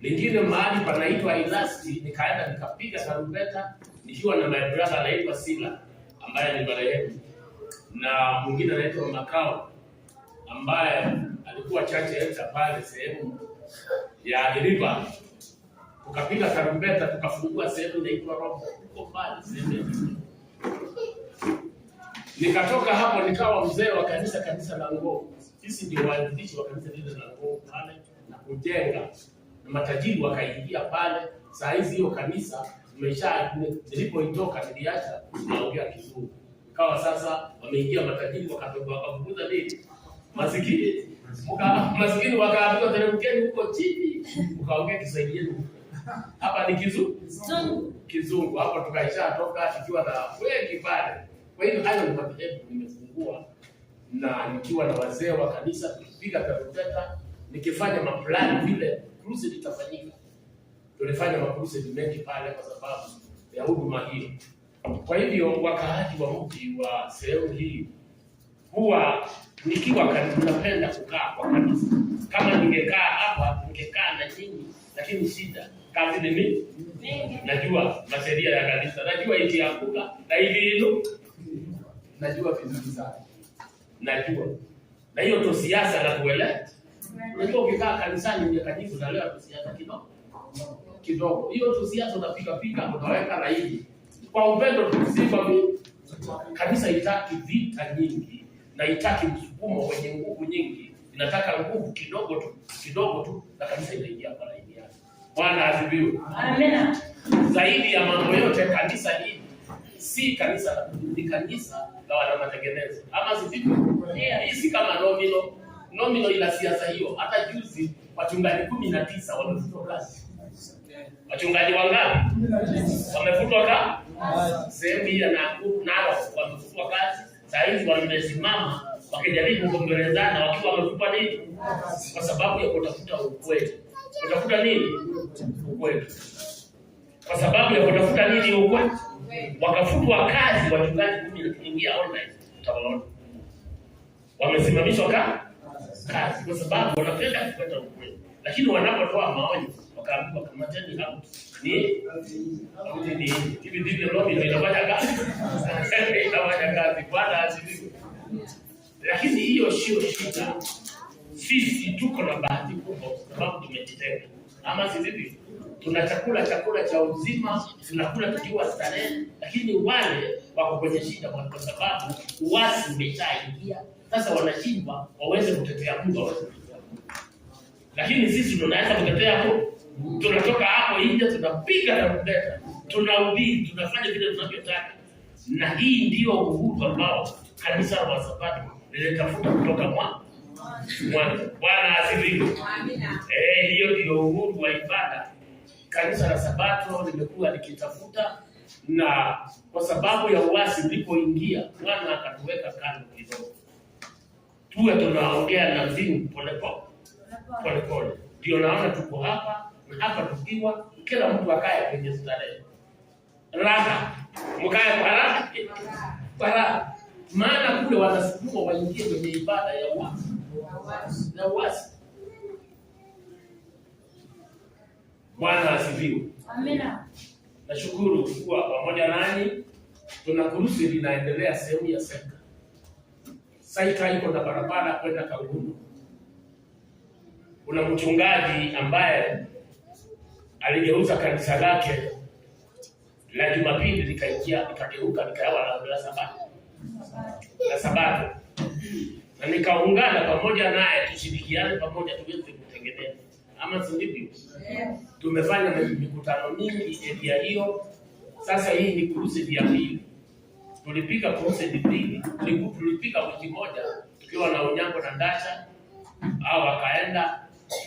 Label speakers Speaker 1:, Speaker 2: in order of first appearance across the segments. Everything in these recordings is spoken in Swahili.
Speaker 1: lingine mahali panaitwa Ilasti, nikaenda nikapiga tarumbeta nikiwa na my brother anaitwa Sila ambaye ni marehemu na mwingine anaitwa Makao ambaye alikuwa chache heta pale sehemu ya River, tukapiga tarumbeta, tukafungua sehemu inaitwa Rombo huko pale sehemu. Nikatoka hapo nikawa mzee wa kanisa, kanisa la Ngoo. Sisi ndio waanzilishi wa kanisa lile la Ngoo pale na kujenga na matajiri wakaingia pale. Saa hizi hiyo kanisa imesha, nilipoitoka niliacha naongea Kizungu, ikawa sasa wameingia matajiri wakafukuza nini masikini, masikini wakaambiwa teremkeni huko chini, ukaongea Kiswahili yenu hapa ni Kizungu, Kizungu hapo tukaisha toka tukiwa na wengi pale. Kwa hiyo hayo ni madhehebu nimefungua na nikiwa na wazee wa kanisa tukipiga tarumbeta nikifanya maplani vile mapinduzi litafanyika. Tulifanya mapinduzi mengi pale kwa sababu ya huduma hiyo. Kwa hivyo wakaaji wa mji wa sehemu hii huwa nikiwa karibu, napenda kukaa kwa kanisa. Kama ningekaa hapa ningekaa na nyinyi, lakini shida kazi ni mimi. Najua maseria ya kanisa, najua hivi yanguka na hivi hilo,
Speaker 2: najua vizuri sana,
Speaker 1: najua na hiyo to siasa na kuelewa Unajua ukikaa kanisani ungekajibu na leo siasa kidogo. Kidogo. Hiyo tu siasa unapiga piga unaweka laini. Kwa upendo tusiba kabisa itaki vita nyingi na itaki msukumo wenye nguvu nyingi. Inataka nguvu kidogo tu, kidogo tu na kanisa inaingia kwa laini yake. Bwana asifiwe.
Speaker 3: Amen.
Speaker 1: Zaidi ya mambo yote kanisa hili si kanisa ni kanisa la wana matengenezo. Ama sivyo? Yeah. Si kama nomino nomino ina siasa hiyo. Hata juzi wachungaji kumi na tisa wamefutwa kazi. Wachungaji wangapi wamefutwa kazi? Sehemu hii ya Nakuru nao wamefutwa kazi. Saa hizi wamesimama wakijaribu kuongelezana wakiwa wamekupa nini, kwa sababu ya kutafuta ukweli. Kutafuta nini? Ukweli. Kwa sababu ya kutafuta nini? Ukweli. Wakafutwa kazi wachungaji kumi ingia online mtabaloni, wamesimamishwa kazi kazi, kwa sababu wanapenda kupata ukweli, lakini wanapotoa maoni wakaambiwa kamateni hapo ni ni hivi ndivyo lobby inafanya kazi, inafanya kazi. Bwana asifiwe. Lakini hiyo sio shida, sisi tuko na bahati kubwa kwa sababu tumejitenga, ama si vipi? Tuna chakula chakula cha uzima, tunakula tukiwa starehe, lakini wale wako kwenye shida kwa sababu uasi umeshaingia sasa wanashindwa waweze kutetea Mungu, waweze kutetea Mungu, lakini sisi tunaweza kutetea Mungu. Tunatoka hapo nje, tunapiga tarumbeta, tunaudhi, tunafanya vile tunavyotaka, na hii ndio uhuru ambao kanisa wa Sabato lilitafuta kutoka mwanzo. Bwana asifiwe. Amina. Eh, hiyo ndio uhuru wa ibada kanisa la Sabato limekuwa likitafuta, na kwa sababu ya uasi ulipoingia Bwana akatuweka kando kidogo tuwe tunaongea na pole polepole polepole. Ndio naona tuko hapa na hapa, tukiwa kila mtu akaye kwenye starehe, raha, mkae kwa raha, kwa raha, maana kule wanasukuma waingie kwenye ibada ya uasi na uasi. Bwana asifiwe, amina. Nashukuru kuwa pamoja nanyi, tunakurusi linaendelea sehemu ya sekta Saika iko na barabara kwenda Kangundo. Kuna mchungaji ambaye aligeuza kanisa lake la Jumapili likaingia likageuka likawa la Sabato la Sabato, na nikaungana pamoja naye, tushirikiane pamoja tuweze kutengeneza, ama si Tumefanya mikutano mingi eria hiyo. Sasa hii ni kurusi ya pili tulipika concert mbili, tulipika wiki moja tukiwa na unyango na Ndasha, au akaenda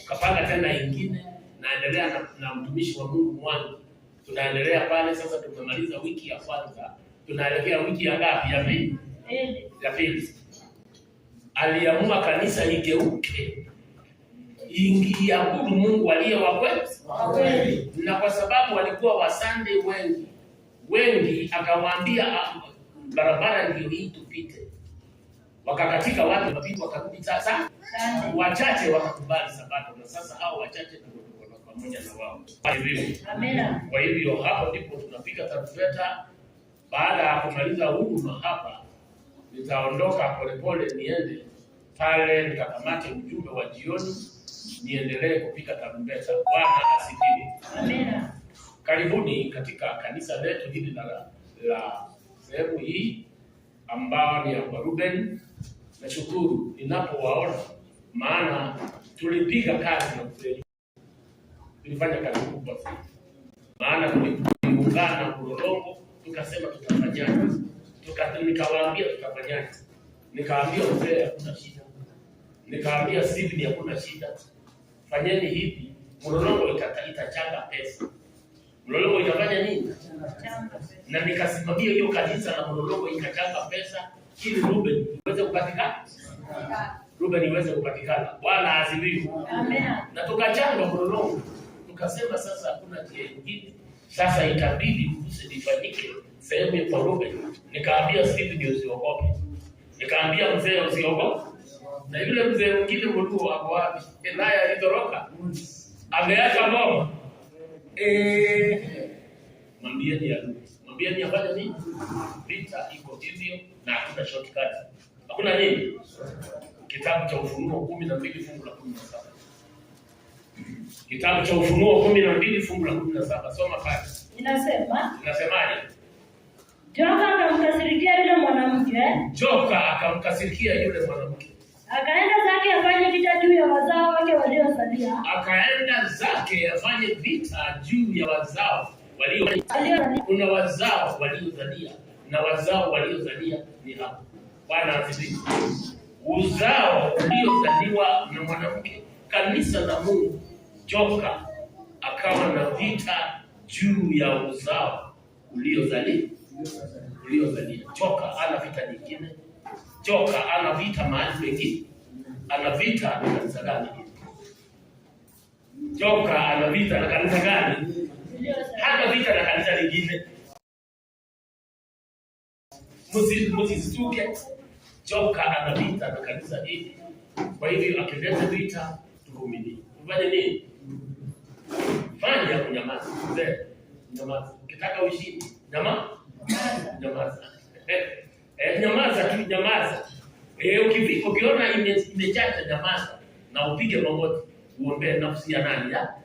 Speaker 1: kapanga tena ingine, naendelea na, na mtumishi wa Mungu mwangu, tunaendelea pale. Sasa tumemaliza wiki ya kwanza, tunaelekea wiki ya ngapi? Ya pili, ya pili. Aliamua kanisa ligeuke ingiabudu Mungu aliye wa kweli, na kwa sababu walikuwa wasande wengi wengi, akawaambia barabara ndio hii tupite, wakakatika watu wapita, wakarudi sasa wachache wakakubali Sabato, na sasa hao wachache ndio pamoja na wao. Kwa hivyo hapo ndipo tunapiga tarumbeta. Baada ya kumaliza huduma hapa, nitaondoka polepole niende pale nikakamate ujumbe wa jioni, niendelee kupiga tarumbeta. Bwana asifiwe. Amina. Karibuni katika kanisa letu hili la la sehemu hii ambao ni ya Waruben. Nashukuru ninapowaona, maana tulipiga kazi na kusaidia, tulifanya kazi kubwa sana, maana tulikungana Ulolongo, tukasema tutafanyaje, tuka nikawaambia tutafanyaje, nikaambia Usere hakuna shida, nikaambia Sydney hakuna shida, fanyeni hivi, Mlolongo itachanga pesa, Mlolongo itafanya nini na nikasimamia hiyo kanisa la Morogoro, ikachanga pesa ili Ruben iweze kupatikana, Ruben iweze kupatikana, wala azibiwe. Amen. Na tukachanga Morogoro, tukasema sasa hakuna njia nyingine, sasa itabidi usilifanyike sehemu kwa Ruben. Nikaambia Steve ndio usiogope, nikaambia mzee usiogope, na yule mzee mwingine mluu ako wapi? Elaya alitoroka mm. ameacha bomu eh mwambieni adui, mwambieni afanye nini? Vita iko hivyo na hakuna shortcut, hakuna nini. Kitabu cha Ufunuo kumi na mbili fungu la kumi na saba kitabu cha Ufunuo kumi na mbili fungu la kumi na saba soma pale,
Speaker 3: inasema inasemaje? Joka akamkasirikia yule mwanamke,
Speaker 1: joka akamkasirikia yule mwanamke
Speaker 3: akaenda zake afanye vita juu ya wazao wake waliosalia,
Speaker 1: akaenda zake afanye vita juu ya wazao walio kuna wazao waliozalia na wazao waliozalia ni hapo. Bwana asifiwe. Uzao uliozaliwa na mwanamke, kanisa la Mungu, joka akawa na vita juu ya uzao uliozalia uliozalia. Joka ana vita nyingine, joka ana vita mahali pengine, ana vita na kanisa gani? Joka ana vita na kanisa gani? hana vita na kanisa lingine. Msizituke, joka ana vita na kanisa hili. Kwa hivyo akileta vita, tuvumilie. Ufanye nini? Fanya kunyamaza. Mzee, nyamaza. Ukitaka ushindi, nyamaza. Nyamaza. Eh, eh nyamaza tu, nyamaza. Eh, ukiona imechacha, nyamaza na upige magoti, uombee nafsi ya nani ya